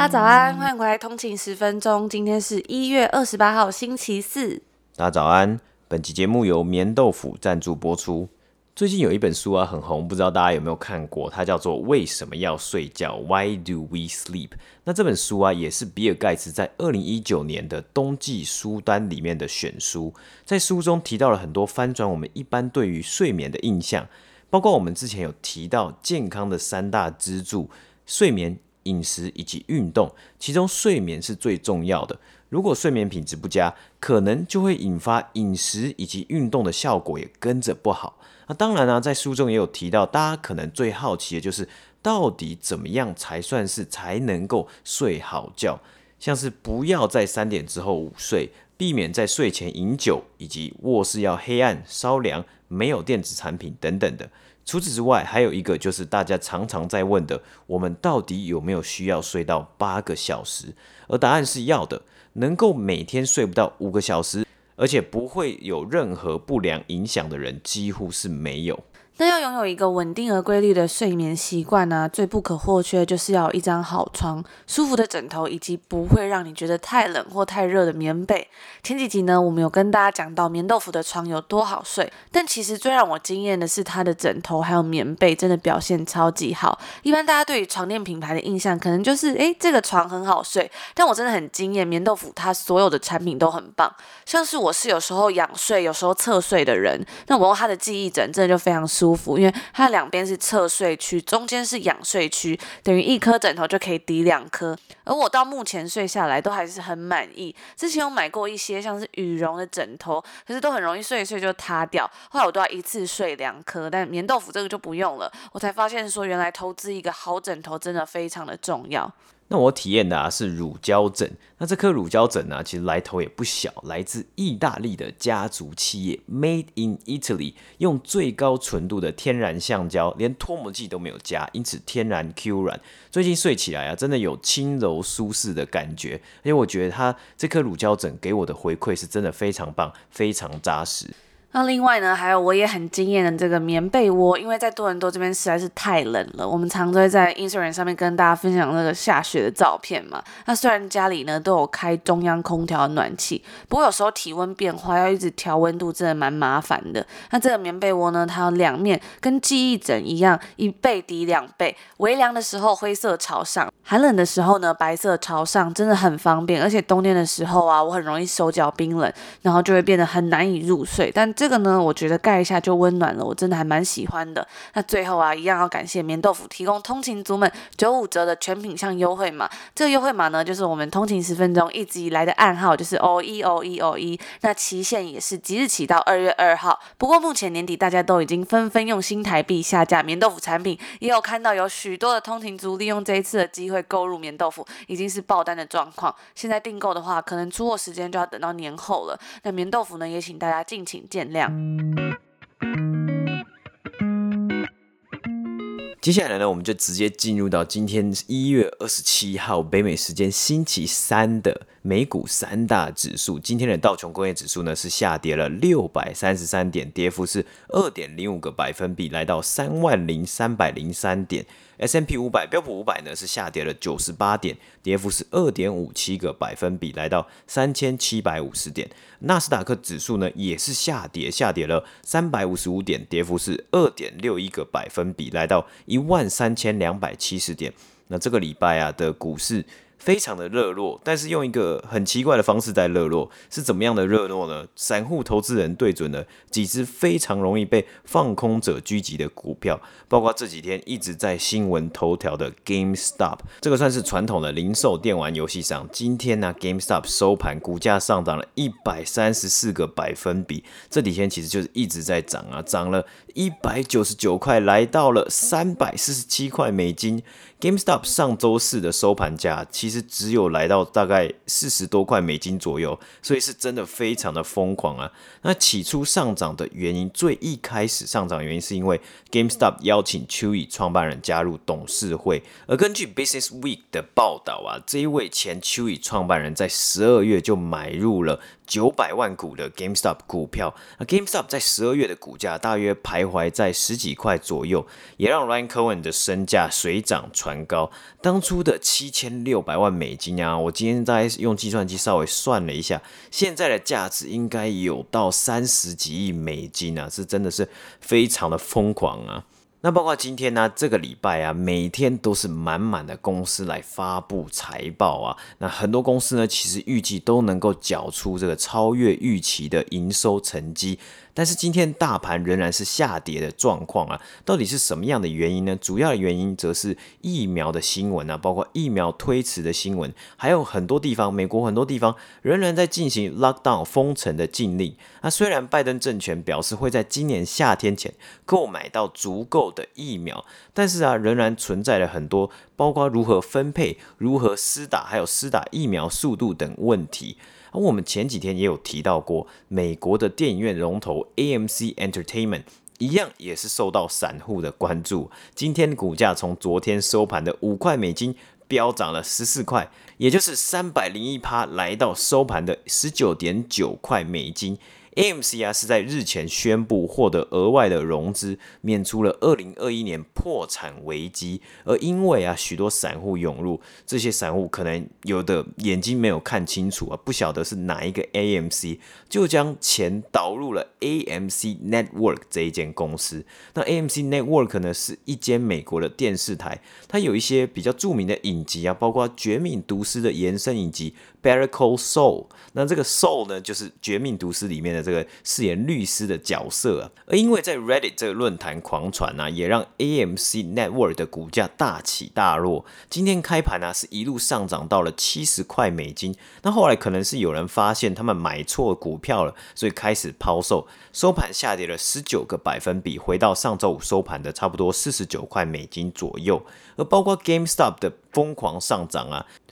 大家早安，歡迎回來《通勤十分鐘》。今天是一月二十八號，星期四。大家早安。本期節目由眠豆腐贊助播出。最近有一本書啊很紅，不知道大家有沒有看過？它叫做《為什麼要睡覺》（Why Do We Sleep）。那這本書啊，也是比爾蓋茨在二零一九年的冬季書單裡面的選書。在書中提到了很多翻轉我們一般對於睡眠的印象，包括我們之前有提到健康的三大支柱，睡眠。飲食以及運動，其中睡眠是最重要的。如果睡眠品質不佳，可能就會引發飲食以及運動的效果也跟着不好。那當然啦、啊，在書中也有提到，大家可能最好奇的就是到底怎麼樣才算是才能夠睡好覺？像是不要在三點之後午睡，避免在睡前飲酒，以及臥室要黑暗、稍涼、沒有電子產品等等的。除此之外，還有一個就是大家常常在問的，我們到底有沒有需要睡到八個小時？而答案是要的，能夠每天睡不到五個小時，而且不會有任何不良影響的人，幾乎是沒有。那要擁有一個穩定而規律的睡眠習慣呢、啊，最不可或缺就是要有一張好床，舒服的枕頭，以及不會讓你覺得太冷或太熱的棉被。前幾集呢，我們有跟大家講到眠豆腐的床有多好睡，但其實最讓我驚豔的是它的枕頭還有棉被，真的表現超級好。一般大家對於床墊品牌的印象，可能就是哎，這個床很好睡，但我真的很驚豔，眠豆腐它所有的產品都很棒。像是我是有時候仰睡，有時候側睡的人，那我用它的記憶枕真的就非常舒服。舒服，因為它兩邊是側睡區，中間是仰睡區，等於一顆枕頭就可以抵兩顆。而我到目前睡下來都還是很滿意。之前有買過一些像是羽絨的枕頭，可是都很容易睡一睡就塌掉。後來我都要一次睡兩顆，但眠豆腐這個就不用了。我才發現說，原來投資一個好枕頭真的非常的重要。那我體驗的啊是乳膠枕，那這顆乳膠枕呢，啊，其實來頭也不小，來自意大利的家族企業，Made in Italy，用最高純度的天然橡膠，連脫模劑都沒有加，因此天然 Q 軟，最近睡起來啊，真的有輕柔舒適的感覺，而且我覺得它這顆乳膠枕給我的回饋是真的非常棒，非常扎實。那另外呢，還有我也很驚艷的這個棉被窩，因為在多倫多這邊實在是太冷了，我們常常會在 Instagram 上面跟大家分享那個下雪的照片嘛。那雖然家裡呢都有開中央空調暖氣，不過有時候體溫變化要一直調溫度，真的蠻麻煩的。那這個棉被窩呢，它有兩面跟記憶枕一樣，一被抵兩被，微涼的時候灰色朝上，寒冷的時候呢白色朝上，真的很方便。而且冬天的時候啊，我很容易手腳冰冷，然後就會變得很難以入睡，但這個呢，我覺得蓋一下就溫暖了，我真的還蠻喜歡的。那最後啊，一樣要感謝眠豆腐提供通勤族們九五折的全品項優惠碼。這個優惠碼呢，就是我們通勤十分鐘一直以來的暗號，就是 O E O E O EE，那期限也是即日起到二月二號。不過目前年底大家都已經紛紛用新台幣下架眠豆腐產品，也有看到有許多的通勤族利用這一次的機會購入眠豆腐，已經是爆單的狀況。現在訂購的話，可能出貨時間就要等到年後了。那眠豆腐呢，也請大家敬請見。亮，量接下來呢，我們就直接進入到今天一月二十七號北美時間星期三的。美股三大指數，今天的道瓊工業指數呢是下跌了六百三十三點，跌幅是二點零五個百分比，來到三萬零三百零三點。S&P 五百、標普五百呢是下跌了九十八點，跌幅是二點五七個百分比，來到三千七百五十點。納斯達克指數呢也是下跌，下跌了三百五十五點，跌幅是二點六一個百分比，來到一萬三千兩百七十點。那這個禮拜啊的股市。非常的熱絡，但是用一個很奇怪的方式在熱絡，是怎麼樣的熱絡呢？散戶投資人對準了幾隻非常容易被放空者狙擊的股票，包括這幾天一直在新聞頭條的 GameStop，這個算是傳統的零售電玩遊戲商。今天呢，啊，GameStop 收盤股價上漲了一百三十四個百分比，這幾天其實就是一直在漲啊，漲了一百九十九塊，來到了三百四十七塊美金。GameStop 上週四的收盤價其實只有來到大概四十多塊美金左右，所以是真的非常的瘋狂啊！那起初上漲的原因，最一開始上漲原因是因為 GameStop 邀請 Chewy 創辦人加入董事會，而根據 Business Week 的報道啊，這一位前 Chewy 創辦人在十二月就買入了。九百萬股的 GameStop 股票，GameStop 在十二月的股價大約徘徊在十幾塊左右，也讓 Ryan Cohen 的身價水漲船高。當初的七千六百萬美金啊，我今天在用計算機稍微算了一下，現在的價值應該有到三十幾億美金啊，是真的是非常的瘋狂啊！那包括今天呢、啊，這個禮拜啊，每天都是滿滿的公司來發佈財報啊。那很多公司呢，其實預計都能夠繳出這個超越預期的營收成績。但是今天大盤仍然是下跌的狀況啊，到底是什麼樣的原因呢？主要的原因則是疫苗的新聞啊，包括疫苗推遲的新聞，還有很多地方，美國很多地方仍然在進行 lockdown 封城的禁令。啊，雖然拜登政權表示會在今年夏天前購買到足夠的疫苗，但是啊，仍然存在了很多，包括如何分配、如何施打，還有施打疫苗速度等問題。而我們前幾天也有提到過，美國的電影院龍頭 AMC Entertainment 一樣也是受到散戶的關注。今天股價從昨天收盤的五塊美金飆漲了十四塊，也就是三百零一趴，來到收盤的十九點九塊美金。AMC 啊，是在日前宣布獲得額外的融資，免除了二零二一年破產危機。而因為啊，許多散戶湧入，這些散戶可能有的眼睛沒有看清楚啊，不曉得是哪一個 AMC，就將錢導入了 AMC Network 這一間公司。那 AMC Network 呢，是一間美國的電視台，它有一些比較著名的影集啊，包括《絕命毒師》的延伸影集。Better Call Saul，那這個 Soul 呢，就是《絕命毒師》裡面的這個飾演律師的角色啊。而因為在 Reddit 這個論壇狂傳啊，也讓 AMC Network 的股價大起大落。今天開盤呢，啊，是一路上漲到了七十塊美金，那後來可能是有人發現他們買錯股票了，所以開始拋售，收盤下跌了十九個百分比，回到上週五收盤的差不多四十九塊美金左右。而包括 GameStop 的瘋狂上漲啊。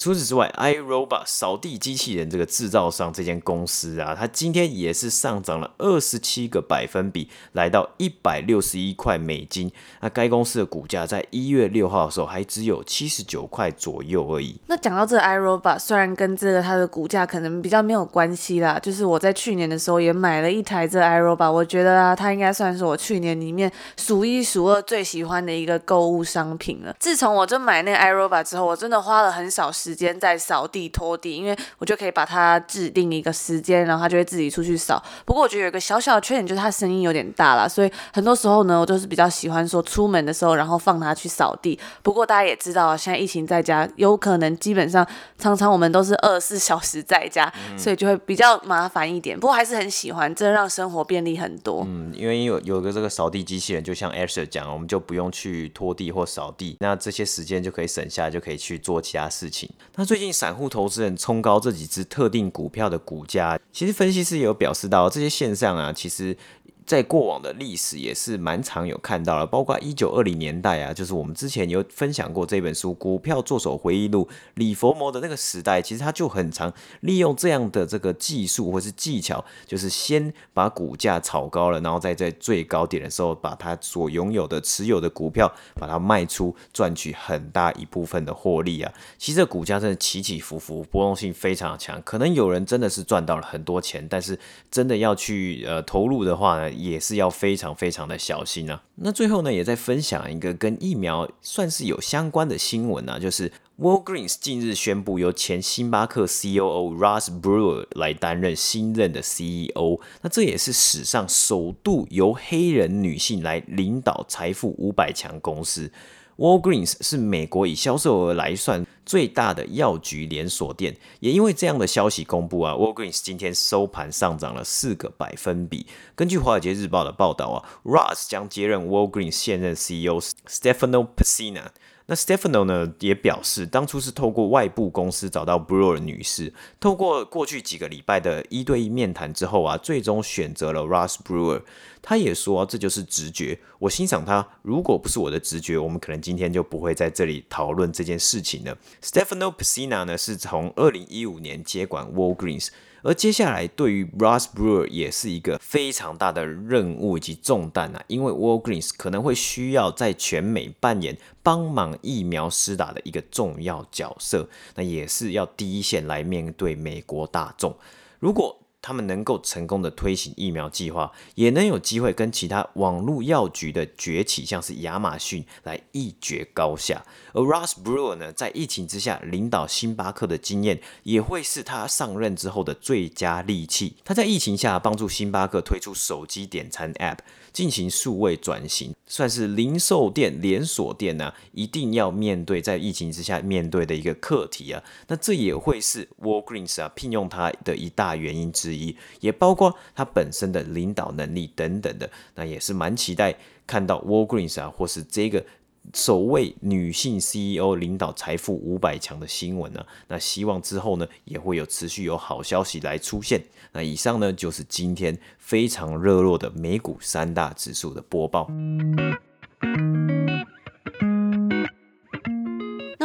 除此之外，iRobot 掃地機器人這個製造商這間公司啊，它今天也是上漲了二十七個百分比，來到一百六十一塊美金。那該公司的股價在一月六號的時候還只有七十九塊左右而已。那講到這，iRobot 雖然跟這個它的股價可能比較沒有關係啦，就是我在去年的時候也買了一台這 iRobot，我覺得啊，它應該算是我去年裡面數一數二最喜歡的一個購物商品了。自從我就買那 iRobot 之後，我真的花了很少時。時間在掃地拖地，因為我就可以把它制定一個時間，然後它就會自己出去掃。不過我覺得有一個小小的缺點，就是它聲音有點大啦。所以很多時候呢，我都是比較喜歡說出門的時候，然後放它去掃地。不過大家也知道，現在疫情在家，有可能基本上常常我們都是二十四小時在家，所以就會比較麻煩一點。不過我還是很喜歡，真的讓生活便利很多。嗯，因為有有個這個掃地機器人，就像 Asher 講，我們就不用去拖地或掃地，那這些時間就可以省下，就可以去做其他事情。那最近散戶投資人衝高這幾隻特定股票的股價，其實分析師也有表示到，這些現象啊，其實，在過往的歷史也是蠻常有看到了，包括一九二零年代啊，就是我們之前有分享過這本書《股票作手回憶錄》李佛摩的那個時代，其實他就很常利用這樣的這個技術或是技巧，就是先把股價炒高了，然後再在最高點的時候，把他所擁有的持有的股票把它賣出，賺取很大一部分的獲利啊。其實這股價真的起起伏伏，波動性非常強，可能有人真的是賺到了很多錢，但是真的要去呃投入的話呢？也是要非常非常的小心啊。那最後呢，也再分享一個跟疫苗算是有相關的新聞啊，就是 Walgreens 近日宣布由前星巴克 COO Roz Brewer 來擔任新任的 CEO，那這也是史上首度由黑人女性來領導財富五百強公司。Walgreens 是美國以銷售額來算最大的藥局連鎖店，也因為這樣的消息公布啊，Walgreens 今天收盤上漲了四個百分比。根據華爾街日報的報道啊，Ross 將接任 Walgreens 現任 CEO Stefano Pessina。那 Stefano 呢也表示，當初是透過外部公司找到 Brewer 女士，透過過去幾個禮拜的一對一面談之後啊，最終選擇了 Ross Brewer。他也說，這就是直覺，我欣賞他。如果不是我的直覺，我們可能今天就不會在這裡討論這件事情了。Stefano Pesina 呢，是從二零一五年接管 Walgreens。而接下來對於 Roz Brewer 也是一個非常大的任務以及重擔啊，因為 Walgreens 可能會需要在全美扮演幫忙疫苗施打的一個重要角色，那也是要第一線來面對美國大眾。如果他們能夠成功的推行疫苗計劃，也能有機會跟其他網絡藥局的崛起，像是亞馬遜來一決高下。而 Ross Brewer 呢，在疫情之下領導星巴克的經驗，也會是他上任之後的最佳利器。他在疫情下幫助星巴克推出手機點餐 App，進行數位轉型，算是零售店連鎖店呢，啊，一定要面對在疫情之下面對的一個課題啊。那這也會是 Walgreens 啊聘用他的一大原因之一。之一，也包括他本身的領導能力等等的，那也是蠻期待看到 Walgreens 啊，或是這個首位女性 CEO 領導財富五百強的新聞呢，啊。那希望之後呢，也會有持續有好消息來出現。那以上呢，就是今天非常熱絡的美股三大指數的播報。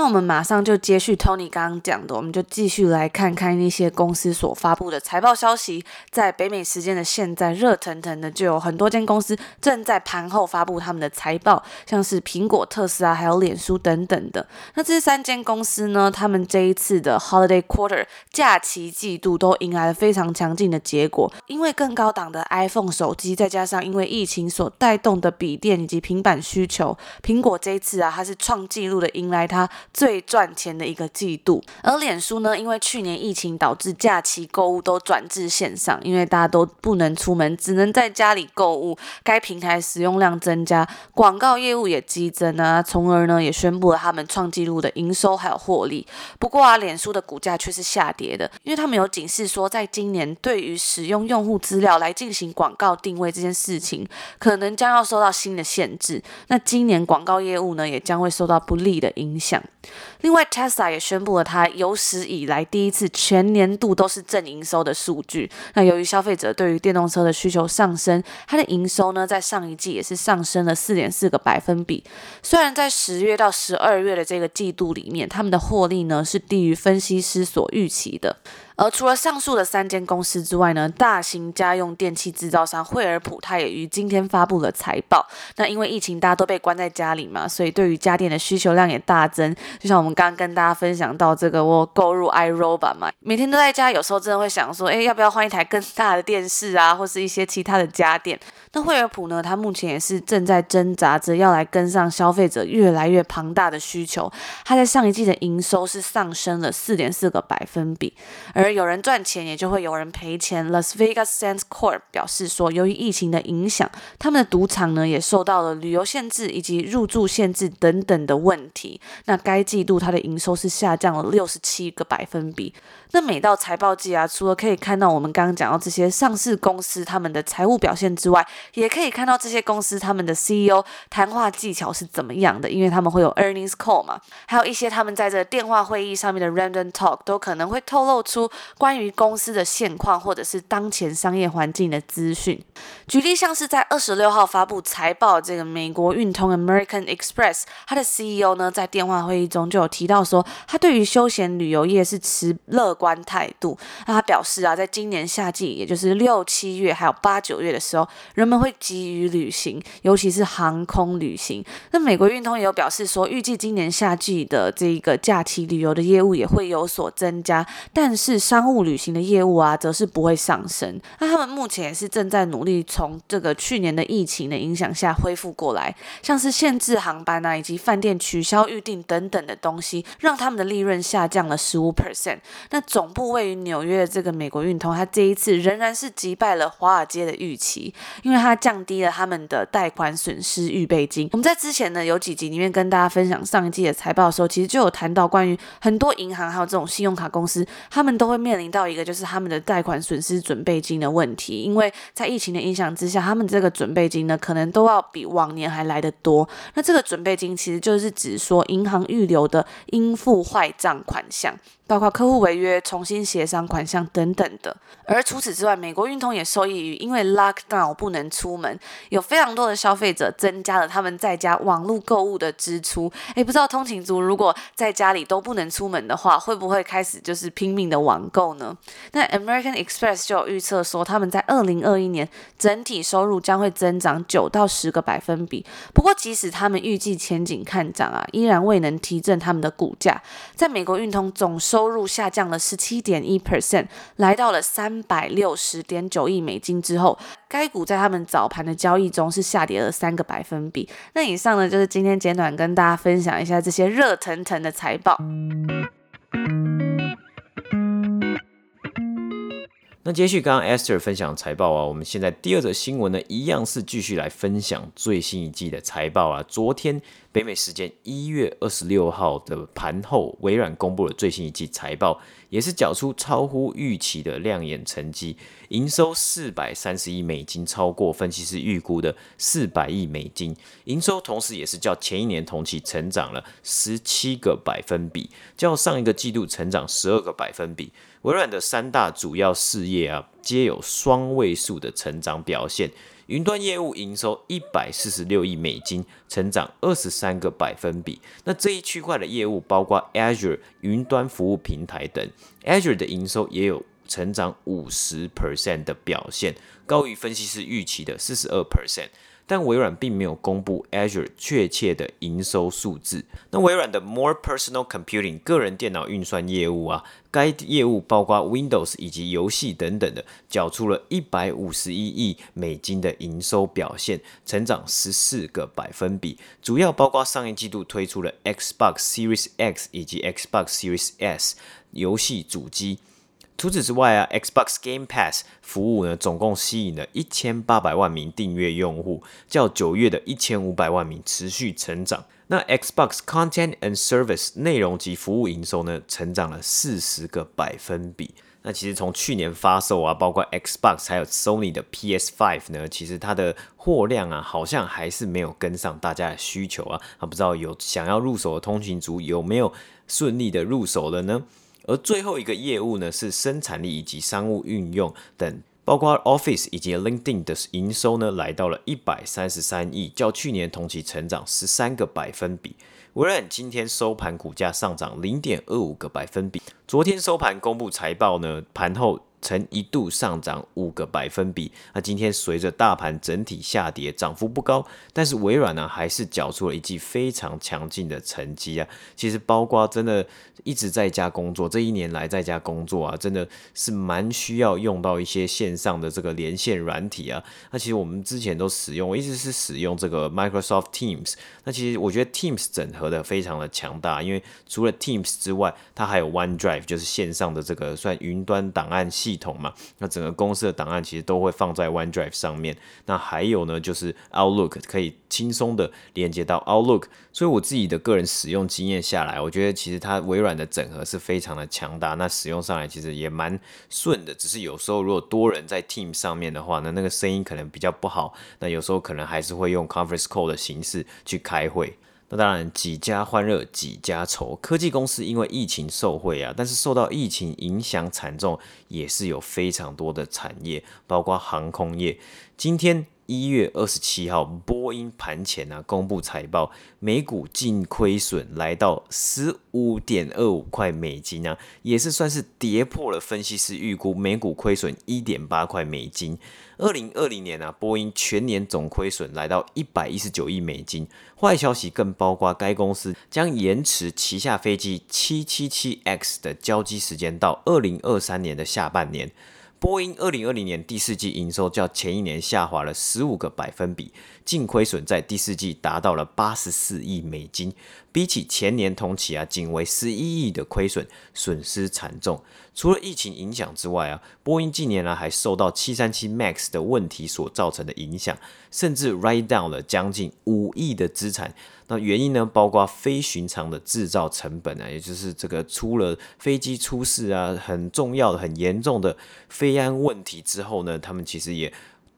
那我們馬上就接續 Tony 剛剛講的，我們就繼續來看看那些公司所發佈的財報消息。在北美時間的現在，熱騰騰的就有很多間公司正在盤後發佈他們的財報，像是蘋果、特斯拉還有臉書等等的。那這三間公司呢，他們這一次的 Holiday Quarter 假期季度都迎來了非常強勁的結果，因為更高檔的 iPhone 手機，再加上因為疫情所帶動的筆電以及平板需求，蘋果這一次啊，它是創紀錄的迎來它。最賺錢的一個季度，而臉書呢，因為去年疫情導致假期購物都轉至線上，因為大家都不能出門，只能在家裡購物，該平台使用量增加，廣告業務也激增啊，從而呢也宣布了他們創紀錄的營收還有獲利。不過啊，臉書的股價卻是下跌的，因為他們有警示說，在今年對於使用用戶資料來進行廣告定位這件事情，可能將要受到新的限制，那今年廣告業務呢也將會受到不利的影響。另外，Tesla 也宣布了它有史以來第一次全年度都是正營收的數據。那由於消費者對於電動車的需求上升，它的營收呢在上一季也是上升了四點四個百分比。雖然在十月到十二月的這個季度裡面，他們的獲利呢是低於分析師所預期的。而除了上述的三間公司之外呢，大型家用電器制造商惠而浦，它也於今天發布了財報。那因為疫情，大家都被關在家裡嘛，所以對於家電的需求量也大增。就像我們剛剛跟大家分享到，這個我購入 iRobot 嘛，每天都在家，有時候真的會想說，哎，要不要換一台更大的電視啊，或是一些其他的家電？那惠而浦呢，它目前也是正在掙扎着要來跟上消費者越來越龐大的需求。它在上一季的營收是上升了四點四個百分比，而而有人賺錢，也就會有人賠錢。Las Vegas Sands Corp 表示說，由於疫情的影響，他們的賭場呢也受到了旅遊限制以及入住限制等等的問題。那該季度它的營收是下降了六十七個百分比。那每到財報季啊，除了可以看到我們剛剛講到這些上市公司他們的財務表現之外，也可以看到這些公司他們的 CEO 談話技巧是怎麼樣的，因為他們會有 earnings call 嘛，還有一些他們在這電話會議上面的 random talk 都可能會透露出。關於公司的現況或者是當前商業環境的資訊，舉例像是在二十六號發布財報的這個美國運通 American Express，它的 CEO 呢在電話會議中就有提到說，他對於休閒旅遊業是持樂觀態度。那他表示啊，在今年夏季，也就是六七月還有八九月的時候，人們會急於旅行，尤其是航空旅行。那美國運通也有表示說，預計今年夏季的這個假期旅遊的業務也會有所增加，但是。商務旅行的業務啊，則是不會上升。那他們目前也是正在努力從這個去年的疫情的影響下恢復過來，像是限制航班啊，以及飯店取消預訂等等的東西，讓他們的利潤下降了十五 percent。那總部位於紐約的這個美國運通，它這一次仍然是擊敗了華爾街的預期，因為它降低了他們的貸款損失預備金。我們在之前呢，有幾集裡面跟大家分享上一季的財報的時候，其實就有談到關於很多銀行還有這種信用卡公司，他們都會。面臨到一個就是他們的貸款損失準備金的問題，因為在疫情的影響之下，他們這個準備金呢，可能都要比往年還來得多。那這個準備金其實就是指說銀行預留的應付壞賬款項。包括客戶違約、重新協商款項等等的。而除此之外，美國運通也受益於因為 lockdown 不能出門，有非常多的消費者增加了他們在家網絡購物的支出。哎，不知道通勤族如果在家裡都不能出門的話，會不會開始就是拼命的網購呢？那 American Express 就有預測說，他們在二零二一年整體收入將會增長九到十個百分比。不過，即使他們預計前景看漲啊，依然未能提振他們的股價。在美國運通總收收入下降了十七點一 percent，來到了三百六十點九億美金之後，該股在他們早盤的交易中是下跌了三個百分比。那以上呢，就是今天簡短跟大家分享一下這些熱騰騰的財報。那接續剛剛 Esther 分享財報啊，我們現在第二則新聞呢，一樣是繼續來分享最新一季的財報啊。昨天北美時間一月二十六號的盤後，微軟公布了最新一季財報，也是繳出超乎預期的亮眼成績，營收四百三十億美金，超過分析師預估的四百億美金，營收同時也是較前一年同期成長了十七個百分比，較上一個季度成長十二個百分比。微軟的三大主要事業啊，皆有雙位數的成長表現。雲端業務營收一百四十六億美金，成長二十三個百分比。那這一區塊的業務包括 Azure 雲端服務平台等，Azure 的營收也有成長五十 percent 的表現，高於分析師預期的四十二 percent。但微軟並沒有公布 Azure 確切的營收數字。那微軟的 More Personal Computing 個人電腦運算業務啊，該業務包括 Windows 以及遊戲等等的，繳出了一百五十一億美金的營收表現，成長十四個百分比。主要包括上一季度推出了 Xbox Series X 以及 Xbox Series S 遊戲主機。除此之外啊，Xbox Game Pass 服務呢，總共吸引了一千八百萬名訂閱用戶，較九月的一千五百萬名持續成長。那 Xbox Content and Service 內容及服務營收呢，成長了四十個百分比。那其實從去年發售啊，包括 Xbox 還有 Sony 的 PS5 呢，其實它的貨量啊，好像還是沒有跟上大家的需求啊。啊，不知道有想要入手的通勤族有沒有順利的入手了呢？.而最後一個業務呢，是生產力以及商務運用等，包括 Office 以及 LinkedIn 的營收呢，來到了一百三十三億，較去年同期成長十三個百分比。微軟今天收盤股價上漲零點二五個百分比，昨天收盤公布財報呢，盤後，曾一度上漲五個百分比。那、啊、今天隨着大盤整體下跌，漲幅不高，但是微軟呢、啊、還是繳出了一記非常強勁的成績啊。其實包括真的一直在家工作，這一年來在家工作啊，真的是蠻需要用到一些線上的這個連線軟體啊。那、啊、其實我們之前都使用，我一直是使用這個 Microsoft Teams、啊。那其實我覺得 Teams 整合的非常的強大，因為除了 Teams 之外，它還有 OneDrive，就是線上的這個算雲端檔案系系統嘛，那整個公司的檔案其實都會放在 OneDrive 上面。那還有呢，就是 Outlook 可以輕鬆的連接到 Outlook。所以我自己的個人使用經驗下來，我覺得其實它微軟的整合是非常的強大。那使用上來其實也蠻順的，只是有時候如果多人在 Team 上面的話呢，那那個聲音可能比較不好。那有時候可能還是會用 Conference Call 的形式去開會。那當然，幾家歡樂幾家愁。科技公司因為疫情受惠啊，但是受到疫情影響慘重，也是有非常多的產業，包括航空業。今天。一月二十七號，波音盤前呢、啊、公布財報，每股淨虧損來到十五點二五塊美金，啊、也是算是跌破了分析師預估每股虧損一點八塊美金。二零二零年呢、啊，波音全年總虧損來到一百一十九億美金。壞消息更包括該公司將延遲旗下飛機七七七 X 的交機時間到二零二三年的下半年。波音二零二零年第四季營收較前一年下滑了十五個百分比，淨虧損在第四季達到了八十四億美金，比起前年同期啊，僅為十一億的虧損，損失慘重。除了疫情影響之外啊，波音近年來、啊、還受到七三七 MAX 的問題所造成的影響，甚至 write down 了將近五億的資產。那原因呢，包括非尋常的製造成本呢、啊，也就是這個出了飛機出事啊，很重要的、很嚴重的飛安問題之後呢，他們其實也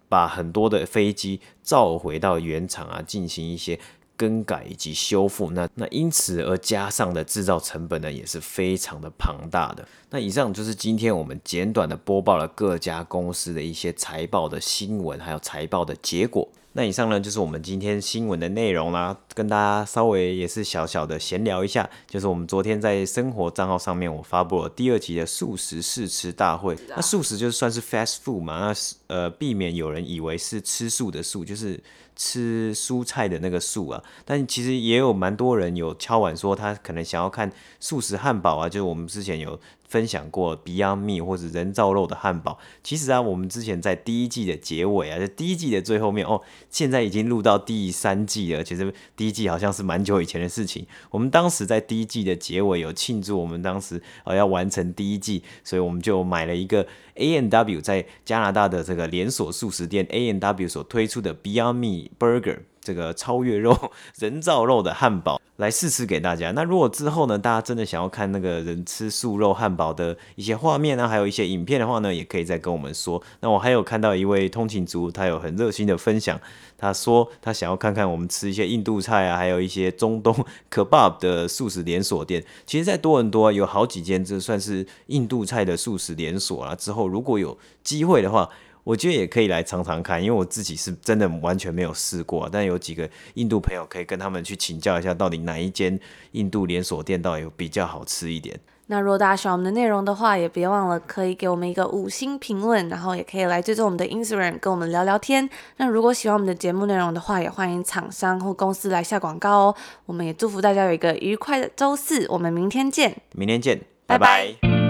把很多的飛機召回到原廠啊，進行一些更改以及修復，那那因此而加上的製造成本呢，也是非常的龐大的。那以上就是今天我們簡短的播報了各家公司的一些財報的新聞，還有財報的結果。那以上呢，就是我們今天新聞的內容啦，啊，跟大家稍微也是小小的閒聊一下，就是我們昨天在生活賬號上面，我發布了第二期的素食試吃大會，那素食就算是 fast food 嘛，那是呃避免有人以為是吃素的素，就是吃蔬菜的那個素啊，但其實也有蠻多人有敲碗說，他可能想要看素食漢堡啊，就是我們之前有。分享過 Beyond Meat 或者人造肉的漢堡，其實啊，我們之前在第一季的結尾啊，在第一季的最後面哦，現在已經錄到第三季了。其實第一季好像是蠻久以前的事情。我們當時在第一季的結尾有慶祝，我們當時呃要完成第一季，所以我們就買了一個 A&W 在加拿大的這個連鎖速食店 A&W 所推出的 Beyond Meat Burger。這個超越肉人造肉的漢堡來試吃給大家。那如果之後呢，大家真的想要看那個人吃素肉漢堡的一些畫面呢、啊，還有一些影片的話呢，也可以再跟我們說。那我還有看到一位通勤族，他有很熱心的分享，他說他想要看看我們吃一些印度菜啊，還有一些中東 kebab 的素食連鎖店。其實，在多倫多、啊、有好幾間，這算是印度菜的素食連鎖啊。之後如果有機會的話。我覺得也可以來嘗嘗看，因為我自己是真的完全沒有試過，但有幾個印度朋友可以跟他們去請教一下，到底哪一間印度連鎖店到底有比較好吃一點。那如果大家喜歡我們的內容的話，也別忘了可以給我們一個五星評論，然後也可以來追蹤我們的 Instagram，跟我們聊聊天。那如果喜歡我們的節目內容的話，也歡迎廠商或公司來下廣告哦。我們也祝福大家有一個愉快的週四，我們明天見。明天見，拜拜。拜拜。